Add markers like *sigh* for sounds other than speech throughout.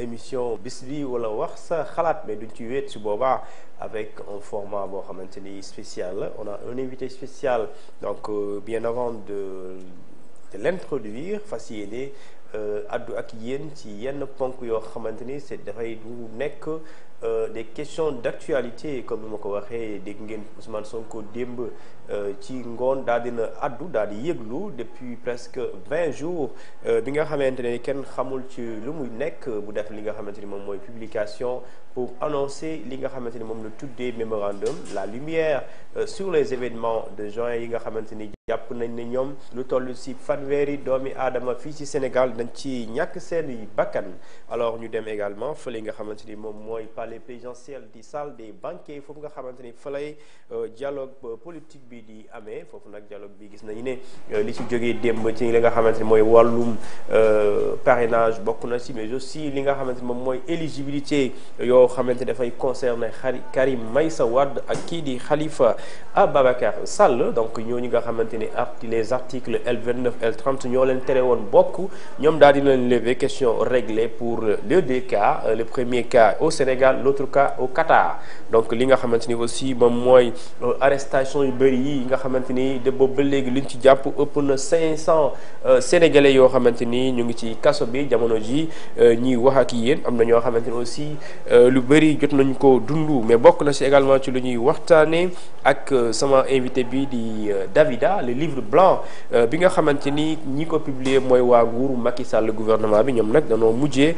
émission bis bi wala wax sa xalaat mais duñ ci wéet su boobaa avec un format boo xamante ni spécial la on a un invité spécial donc euh, bien avant de de l'introduire fas yéene addu euh, ak yéen ci yenn ponk yoo xamante ni c'est dafay du nekk Euh, des questions d'actualité comme ni ma ko waxee dégg ngeen Ousmane Sonko démb euh, ci ngoon daal dina addu daal di yëglu depuis presque vingt jours euh, bi nga xamante ne kenn xamul ci lu muy nekk bu def li nga xamante ni moom mooy publication pour annoncer li nga xamante ni moom la tuddee mémorandum la lumière sur les événements de juin yi nga xamante ni jàpp nañ ne ñoom lu toll ci fanweeri doomi aadama fii ci Sénégal dañ ci ñàkk seen bakkan alors ñu dem également fële nga xamante ni moom mooy les présidentielles di salle des banquets foofu nga xamante ni fa lay euh, dialogue euh, politique bi di amee foofu nag dialogue bi gis nañu ne euh, li ci jógee démb ci li nga xamante ni mooy wàllum parenage bokk na ci mais aussi li nga xamante ni moom mooy éligibilité yoo xamante dafay concerner xari Karim Meïssa Wade ak kii di Khalifa Ababacar Sall donc ñooñu nga xamante ni arti les articles L29 L30 ñoo leen tere woon bokk ñoom daal di leen lever question réglée pour les le premier cas l'autre cas au Qatar donc li nga xamante ni aussi moom mooy euh, arrestation yu bëri yi nga xamante ni de boobu ba léegi liñ ci jàpp ëpp na 500 euh, sénégalais yoo xamante ni ñu ngi ci kaso bi jamono ji euh, ñiy wax ak yéen am na ñoo xamante ni aussi lu bëri jot nañ ko dund mais bokk na si également ci lu ñuy waxtaanee ak sama invité bi di Davida le livre blanc bi nga xamante ni ñi ko publier mooy waa nguuru Macky Sall gouvernement bi ñoom nag danoo mujjee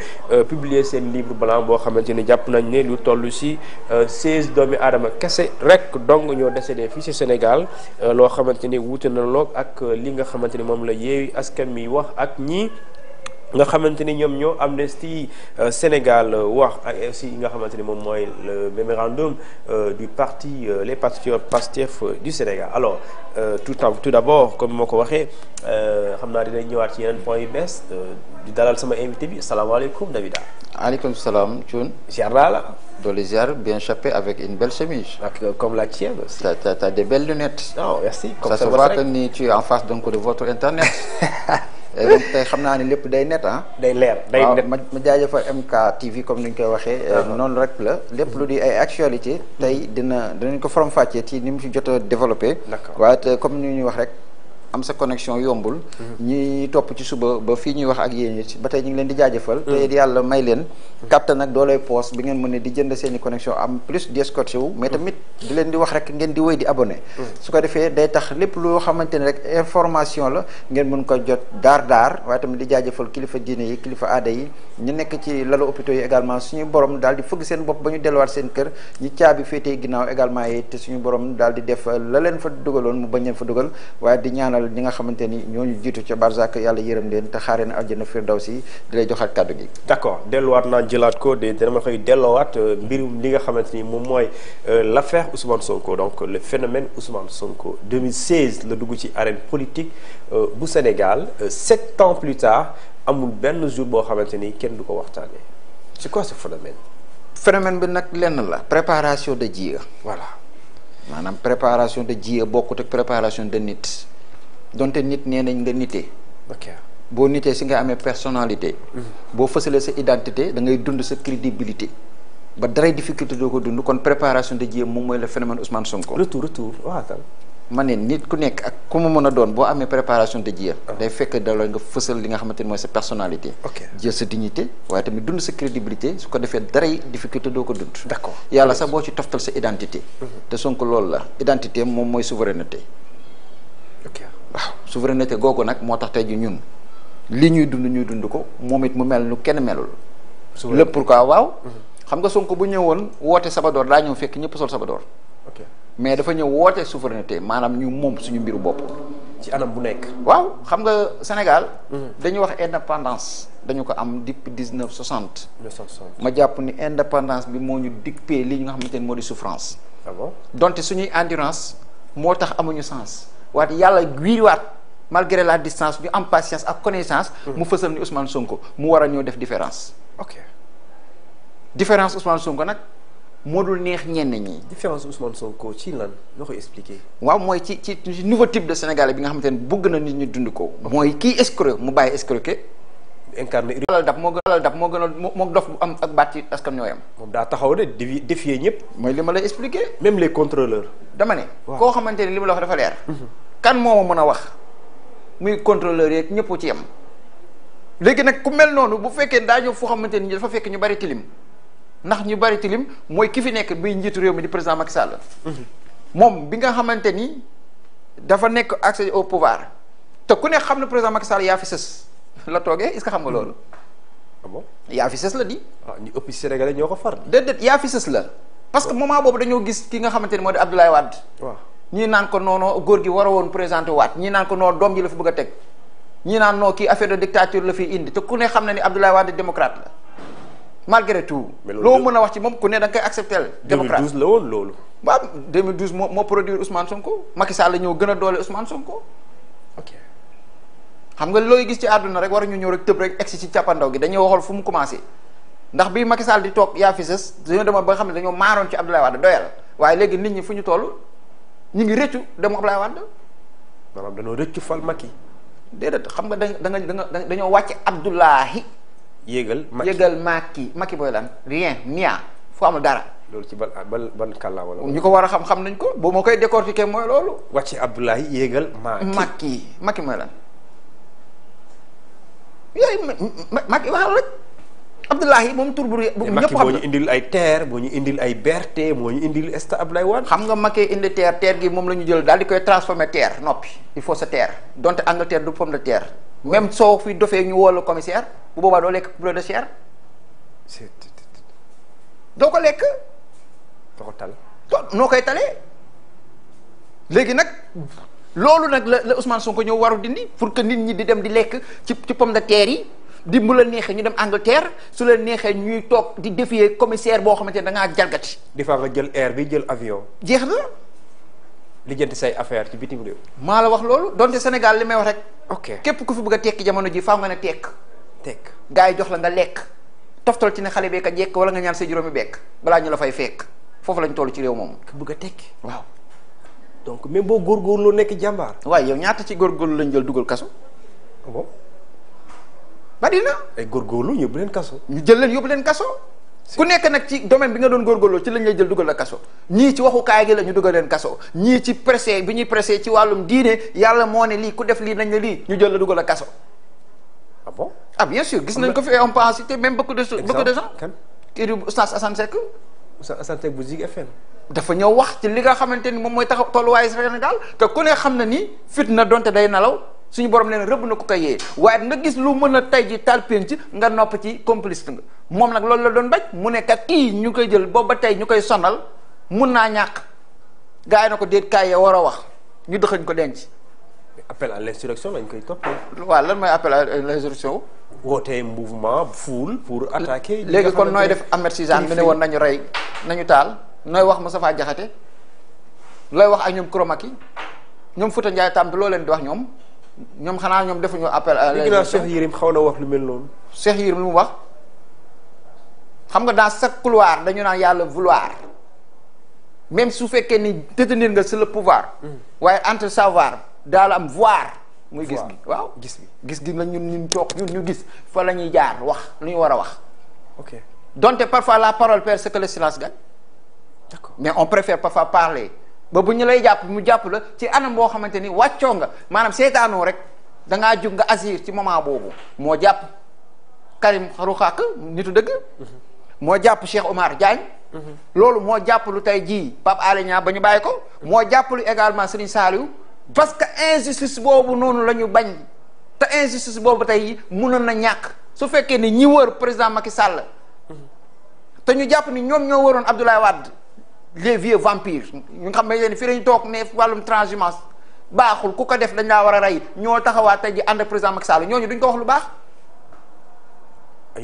publier seen livre blanc boo xamante ni jàpp ne lu toll si 16 euh, doomi aadama kese rek dong ñoo décédé fii si Sénégal euh, loo xamante ni wuute na loog ak euh, li nga xamante ni moom la yeewi askan mi wax ak ñi nga xamante ni ñoom ñoo Amnesty euh, Sénégal euh, wax ak aussi nga xamante ni moom mooy le mémorandum euh, du parti les patriotes Pastef du Sénégal alors tout tout d'abord comme moo ko waxee xam naa dinañ ñëwaat ci yeneen point yu di dalal sama invité bi salaamaaleykum Davida aleykum salaam Thioune ziar naa la doole ziar bien chapé avec une belle chemise ak comme la tienne aussi t'as t'as des belles lunettes oh, comme ça se en face donc de votre internet *laughs* Eh, tey xam naa ni lépp day net ah. day leer day net ma ma jaajëfal MK TV comme ni ñu koy waxee. Eh, ah. noonu rek la lépp lu di ay actualité tey dina dinañ ko faram fàccee ci ni mu ci jot a développé. waaye comme ni ñu wax rek. am sa connexion yombul ñi topp ci suba ba fii ñuy wax ak yéen it ba tey ñu ngi leen di jaajëfal mm. te it yàlla may leen kàttan ak doolay poos bi ngeen mën ne di jënd seeni i connexion am plus di escorté wu mais mm. tamit di leen di wax rek ngeen di woy di abonné mm. su ko defee day tax lépp loo xamante ne rek information la ngeen mën ko jot daar daar waaye tamit di jaajëfal kilifa diine yi kilifa aada yi ñu nekk ci lalu hôpitaux yi également suñu borom daal di fëgg seen bopp ba ñu delluwaat seen kër ñi caabi féetee ginnaaw également yi te suñu borom daal di def la leen fa dugaloon mu bañ leen fa dugal ñaanal ñi nga xamante ni ñooñu jiitu ca barzak yàlla yërëm leen te xaaree na aljana firdawsi di lay joxaat kàddu gi d'accord delluwaat naa jëlaat ko de dama koy euh, li nga xamante ni moom mooy euh, l'affaire Ousmane Sonko donc le phénomène Ousmane Sonko 2016 la dugg ci arène politique euh, bu Sénégal sept ans plus tard amul benn jour boo xamante ni kenn du ko waxtaanee c'est quoi ce phénomène bi nag lenn la préparation de jiya voilà maanaam préparation de jiya bokkut ak préparation de nit donte nit nee nañ nga nitee boo nitee si nga amee personnalité mm-hmm. boo fësalee sa identité da ngay dund sa crédibilité ba daray difficulté doo ko dund kon préparation de jiem moom mooy le phénomène Ousmane Sonko retour retour waaw ma ne nit ku nekk ak ku mën a doon boo amee préparation de jiem ah. day fekk dalool nga fësal li nga xamante ne mooy sa personnalité jël sa dignité waaye tamit dund sa crédibilité su ko defee daray difficulté doo ko dund d'accord yàlla sax boo ci toftal sa identité mm-hmm. te Sonko loolu la identité moom mooy souveraineté souveraineté googu nag moo tax tey ji ñun lii ñuy dund ñuy dund ko moom it mu mel nu kenn melul lépp pourquoi waaw mhm. xam nga Sonko bu ñëwoon woote sabadoor daa ñëw fekk ñëpp sol sabadoor mais dafa ñëw woote souveraineté maanaam ñu moom suñu mbiru bopp ci anam bu nekk waaw xam nga Sénégal mhm. dañu wax indépendance dañu ko am depuis dix neuf soixante ma jàpp ni indépendance bi moo ñu lii li nga xamante ne moo di souffrance ah donte suñuy endurance moo tax amuñu sens waat yàlla malgré la distance ñu am patience ak connaissance. Mhm. mu fësal ni Ousmane Sonko mu war a ñëw def différence. ok différence Ousmane Sonko nag moo dul neex ñenn ñi. différence Ousmane Sonko ci lan nga koy expliquer. waaw mooy ci ci nouveau type de Sénégalais bi nga xamante ni bëgg na nit ñu dund ko. mooy kii escroc mu bàyyi escroquer. incarné dalal daf moo gën dalal daf moo gën a moo dof bu am ak baat yi askan ñooy am. moom daa taxaw de défier ñëpp. mooy li ma lay expliquer. même les contrôleurs. dama ne. koo xamante ne li ma la dafa leer. Mhm. kan moo ma mën wax. muy contrôleur yeeg ñëpp ci yem léegi nag ku mel noonu bu fekkee daa ñëw foo xamante ni dafa fekk ñu bari tilim ndax ñu bari tilim mooy ki fi nekk muy njiitu réew mi di président Macky Sall. moom bi nga xamante ni dafa nekk accès au pouvoir te ku ne xam ne président Macky Sall yaa fi sës la toogee est-ce xam nga loolu. ah bon yaa fi sës la di. ah ñu ëpp Sénégalais ñoo ko far. déedéet yaa fi sës la. parce moom moment boobu dañoo gis ki nga xamante ni moo di Abdoulaye Wade. ñii naan ko noono góor gi war a woon présenté waat ñii naan ko noo doom ji la fi bëgg a teg ñii naan noo kii affaire de dictature la fi indi te ku ne xam na ni Abdoulaye Wade démocrate la loo mën a wax ci moom ku ne da nga koy accepté démocrate 2012 la woon loolu. waaw 2012 moo moo produire Sonko Macky Sall la ñëw gën doole Ousmane Sonko ok. xam nga looy gis ci àdduna rek waruñu ñëw rek tëb rek egsi ci càppandaw gi dañoo waxoon fu commencé ndax bii Macky Sall toog yaa fi sës dañoo demoon ba xam ne dañoo maaroon ci Abdoulaye Wade doyal waaye léegi nit ñi fu ñu toll ñu ngi rëccu dem Ablaye Wade. maanaam dañoo rëccu fal Macky. déedéet xam nga da da nga da dañoo wàcce Abdoulahi. yéegal Macky yéegal Macky Macky booy lan rien mia foo amul dara. loolu ci ban ban ban kàllaama la. ñu ko war a xam xam nañ ko boo ma koy décortiquer mooy loolu. wàcce Abdoulahi yéegal Macky Macky Macky mooy lan. yooyu Macky waxal rek. Abdoulahi moom tur bu bu ñëpp xam moo ñu indil ay terre moo ñu indil ay berté moo ñu indil esta Abdoulaye Wade xam nga Macky indi terre terre gi moom la ñu jël daal di koy transformé terre noppi il faut sa terre donte Angleterre du pomme de terre même soo fi dofee ñu woo la commissaire bu boobaa doo lekk poulet de chair doo ko lekk doo ko tal noo koy talee léegi nag loolu nag la la Ousmane Sonko ñëw waru dindi pour que nit ñi di dem di lekk ci ci pomme de terre yi di bu la neexee ñu dem Angleterre su la neexee ñuy toog di défier commissaire boo xamante ne da ngaa jalgati. di fa nga jël air bi jël avion. jeex na. lijjanti say affaire ci bitim réew. maa la wax loolu donte Sénégal li may wax rek. ok képp ku fi bugg a tekki jamono ji faaw nga ne tekk. tekk gaa yi jox la nga lekk. toftal ci ne xale bee ka jekk wala nga ñaan juróom juróomi bekk balaa ñu la fay fekk foofu lañ toll ci réew moom. ku bëgg a tekki waaw. donc même boo góorgóorloo nekk jàmbaar. waaye yow ñaata ci góorgóorlu lañ jël dugal kaso. Ah bari na ay góorgóorlu yóbbu leen kaso. ñu jël leen yóbbu leen kaso. ku nekk nag ci domaine bi nga doon góorgóorloo ci lañ lay jël dugal la kaso ñii ci waxukaay gi la ñu dugal leen kaso ñii ci pressé bi ñuy pressé ci wàllum diine yàlla moo ne lii ku def lii nañ la lii ñu jël la dugal la kaso. ah bon ah bien sûr gis nañ ko fi on peut en citer même beaucoup de choses beaucoup de gens. kan kii di Oustaz Assane Seck. Oustaz Assane Seck bu Zik FM. dafa ñëw wax ci li nga xamante ni moom mooy taxaw tolluwaayu Sénégal te ku ne xam na ni fitna donte day nalaw. suñu borom leen rëbb na ko koy yee waaye nga gis lu mën a tey ji taal penc nga nopp ci complice nga moom nag loolu la doon bañ mu nekkat kii ñu koy jël booba tey ñu koy sonal mun naa ñàkk gaa yi na ko déet kaay ya war a wax ñu dëxañ ko denc. appel à l'insurrection lañ koy toppee. waaw lan mooy appel à l'insurrection. wootee mouvement foule pour attaquer. léegi kon nooy def Ahmed Suzanne mi ne woon nañu rey nañu taal nooy wax ma Moustapha jaxate looy wax ak ñoom Kromaki ñoom Fouta Ndiaye tam loo leen di wax ñoom. ñoom xanaa ñoom defuñu appel à l' émission Cheikh Yérim xaw la wax lu mel noonu. Cheikh Yérim lu mu wax xam nga dans chaque couloir dañu naan yàlla vouloir même su fekkee ni détenir nga sur le pouvoir. Mm. waaye entre savoir daal am voir. muy gis gi waaw gis gi gis gi la ñun ñun toog ñun ñu gis fa la ñuy jaar wax lu ñu war a wax. ok donte parfois la parole perd ce que le silence gagne. mais on préfère parfois parler. ba bu ñu lay jàpp mu jàpp la ci anam boo xamante ni wàccoo nga maanaam seetaanoo rek dangaa jug nga asir ci moment boobu moo jàpp Karim xaru xàq nitu dëgg mm-hmm. moo jàpp Cheikh Omar Diagne mm-hmm. loolu moo jàpp lu tey jii Pape Alé Niang ba ñu bàyyi ko mm-hmm. moo jàpp lu également Serigne Saliou parce que injustice boobu noonu la ñu bañ te injustice boobu tey mënoon na ñàkk su fekkee ni ñi wër président Macky Sall te ñu jàpp ni ñoom ñoo waroon Abdoulaye Wade les vieux vampires ñu xam ne leen fii lañu toog ne wàllum transhumance baaxul ku ko def dañ laa war a ray ñoo taxawaat tey ji ànd président Macky Sall ñooñu duñ ko wax lu baax.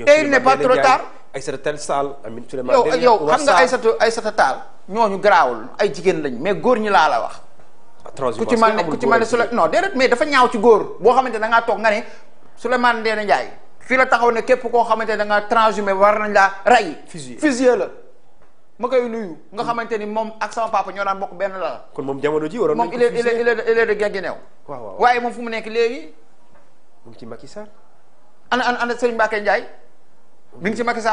tey il n'est pas trop tard Aïssata Tall Sall Amin Souleymane yow yow xam nga Aïssata Aïssata Tall ñooñu garaawul ay jigéen lañ mais góor ñi laa la wax. ku ci man ne ku ci mel ne Souley non déedéet mais dafa ñaaw ci góor boo xamante ne da toog nga ne Souleymane Ndéné Ndiaye fii la taxaw ne képp koo xamante ne da ngaa transhumé war nañ laa rey. fusillé la ma koy nuyu nga xamante ni moom ak sama papa ñoo daan bokk benn lala. kon moom jamono ji waroon nañ ko moom il est il est il est de Guinguinéo. waaw waaw waaye moom fu mu nekk léegi. mu ngi ci Macky Sall. ana ana ana Serigne Mbacké Ndiaye. mi ngi ci